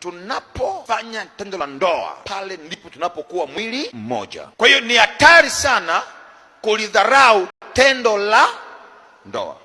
tunapofanya tendo la ndoa, pale ndipo tunapokuwa mwili mmoja. Kwa hiyo ni hatari sana kulidharau tendo la ndoa.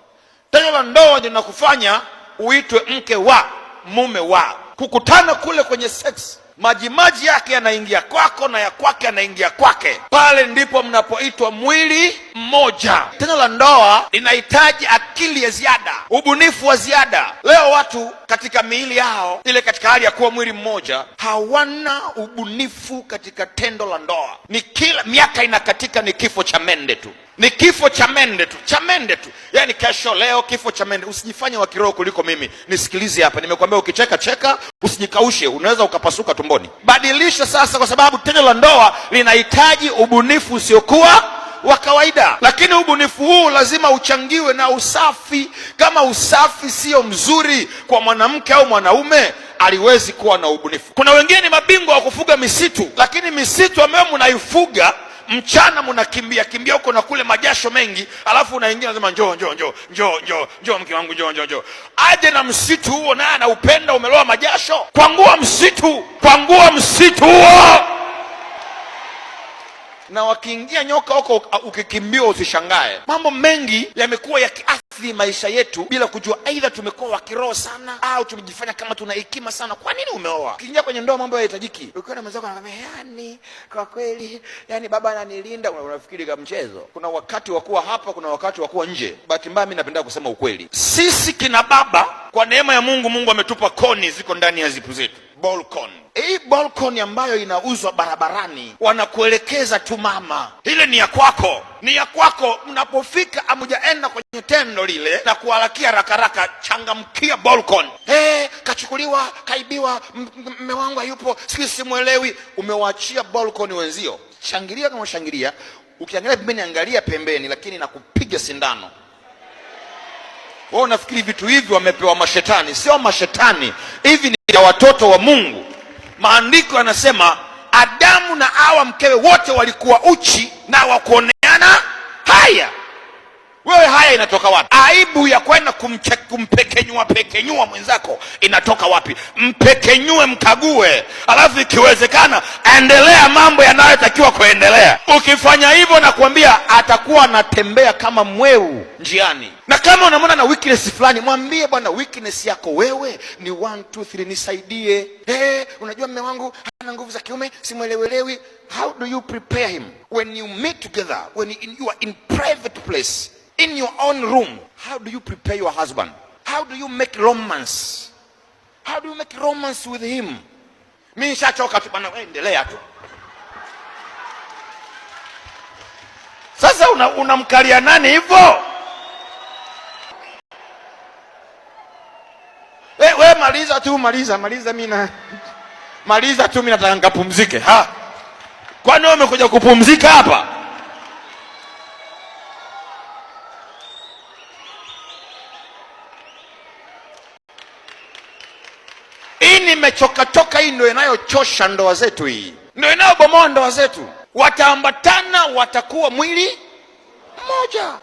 Tendo la ndoa ndio linakufanya uitwe mke wa mume wa. Kukutana kule kwenye sex, majimaji yake yanaingia kwako na ya kwake yanaingia kwake, pale ndipo mnapoitwa mwili mmoja. Tendo la ndoa linahitaji akili ya ziada, ubunifu wa ziada. Leo watu katika miili yao ile, katika hali ya kuwa mwili mmoja, hawana ubunifu katika tendo la ndoa. Ni kila miaka inakatika, ni kifo cha mende tu, ni kifo cha mende tu, cha mende tu, yaani kesho, leo, kifo cha mende. Usijifanye wa kiroho kuliko mimi, nisikilize hapa. Nimekuambia ukicheka cheka, usijikaushe, unaweza ukapasuka tumboni. Badilisha sasa, kwa sababu tendo la ndoa linahitaji ubunifu usiokuwa wa kawaida, lakini ubunifu huu lazima uchangiwe na usafi. Kama usafi sio mzuri kwa mwanamke au mwanaume aliwezi kuwa na ubunifu. Kuna wengine ni mabingwa wa kufuga misitu, lakini misitu ambayo mnaifuga mchana mnakimbia kimbia huko na kule, majasho mengi, alafu unaingia nasema njoo njoo njoo njoo njoo njoo mke wangu njoo njoo njoo. Aje na msitu huo naye anaupenda, umeloa majasho, kwangua msitu, kwangua msitu huo na wakiingia nyoka huko uh, ukikimbiwa, usishangae. Mambo mengi yamekuwa yakiathiri maisha yetu bila kujua, aidha tumekuwa wakiroho sana au tumejifanya kama tuna hekima sana. Kwa nini umeoa? Ukiingia kwenye ndoa mambo hayahitajiki. Ukiwa na mwenzako anakwambia, yani kwa kweli, yani baba ananilinda, unafikiri kama mchezo. Kuna wakati wa kuwa hapa, kuna wakati wa kuwa nje. Bahati mbaya, mimi napenda kusema ukweli, sisi kina baba, kwa neema ya Mungu, Mungu ametupa koni, ziko ndani ya zipu zetu, balcony hii balkoni ambayo inauzwa barabarani, wanakuelekeza tu mama, ile ni ya kwako, ni ya kwako. Mnapofika amujaenda kwenye tendo lile na kuharakia rakaraka, changamkia balkoni. Hey, eh, kachukuliwa, kaibiwa, mme wangu hayupo, sijui simwelewi. Umewaachia balkoni wenzio, shangilia kama shangilia, ukiangalia pembeni, angalia pembeni, lakini nakupiga sindano wao. Unafikiri vitu hivi wamepewa mashetani? Sio mashetani, hivi ni ya watoto wa Mungu maandiko yanasema Adamu na awa mkewe wote walikuwa uchi na wakuone inatoka wapi? Aibu ya kwenda kumpekenyua pekenyua mwenzako inatoka wapi? Mpekenyue, mkague, alafu ikiwezekana endelea mambo yanayotakiwa kuendelea. Ukifanya hivyo, nakwambia atakuwa anatembea kama mweu njiani. Na kama unamwona na weakness fulani, mwambie bwana, weakness yako wewe ni one, two, three, nisaidie. Hey, unajua mme wangu hana nguvu za kiume, simwelewelewi. How do you prepare him when you meet together when you are in private place in your own room. How do you prepare your husband? How do you make romance? How do you make romance with him? mi nishachoka tu endelea tu. Sasa unamkalia una nani hivyo? Eh, we, we maliza tu maliza maliza, mina, maliza tu, mimi nataka nikapumzike. kwani umekuja kupumzika hapa? dini imechokatoka. Hii ndio inayochosha ndoa zetu, hii ndio inayobomoa ndoa zetu. Wataambatana, watakuwa mwili mmoja.